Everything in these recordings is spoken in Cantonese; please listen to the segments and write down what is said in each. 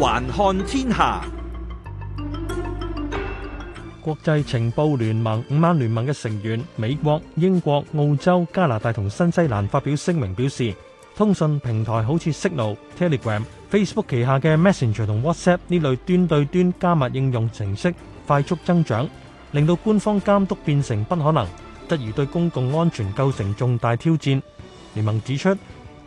環看天下，國際情報聯盟五眼聯盟嘅成員美國、英國、澳洲、加拿大同新西蘭發表聲明，表示通訊平台好似 Signal、Telegram、Facebook 旗下嘅 Messenger 同 WhatsApp 呢類端對端加密應用程式快速增長，令到官方監督變成不可能，質疑對公共安全構成重大挑戰。聯盟指出，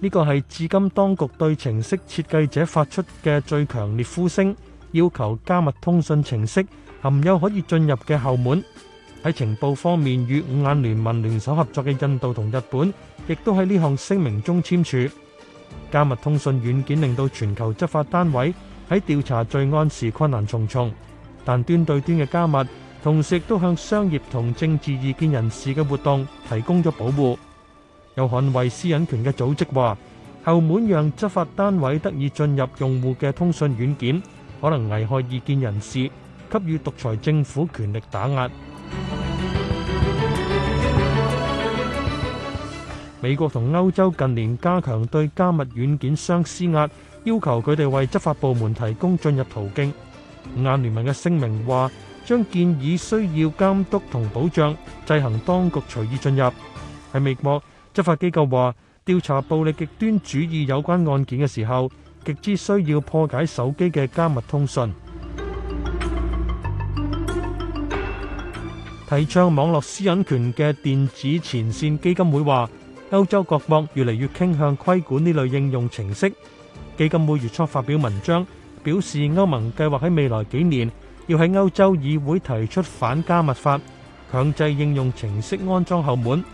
呢個係至今當局對程式設計者發出嘅最強烈呼聲，要求加密通訊程式含有可以進入嘅後門。喺情報方面，與五眼聯盟聯手合作嘅印度同日本，亦都喺呢項聲明中簽署。加密通訊軟件令到全球執法單位喺調查罪案時困難重重，但端對端嘅加密同時亦都向商業同政治意見人士嘅活動提供咗保護。有捍衛私隱權嘅組織話，後門讓執法單位得以進入用戶嘅通訊軟件，可能危害異見人士，給予獨裁政府權力打壓。美國同歐洲近年加強對加密軟件商施壓，要求佢哋為執法部門提供進入途徑。五眼聯盟嘅聲明話，將建議需要監督同保障，制衡當局隨意進入。喺美國。執法機構話調查暴力極端主義有關案件嘅時候，極之需要破解手機嘅加密通訊。提倡網絡私隱權嘅電子前線基金會話，歐洲各國越嚟越傾向規管呢類應用程式。基金會月初發表文章，表示歐盟計劃喺未來幾年要喺歐洲議會提出反加密法，強制應用程式安裝後門。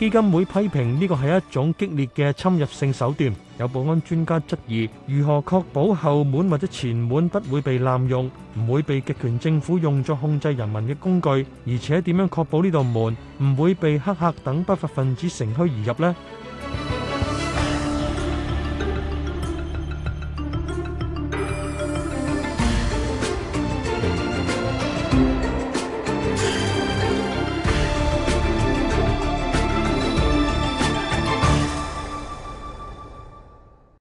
基金會批評呢個係一種激烈嘅侵入性手段，有保安專家質疑如何確保後門或者前門不會被濫用，唔會被極權政府用作控制人民嘅工具，而且點樣確保呢道門唔會被黑客等不法分子乘虛而入呢？」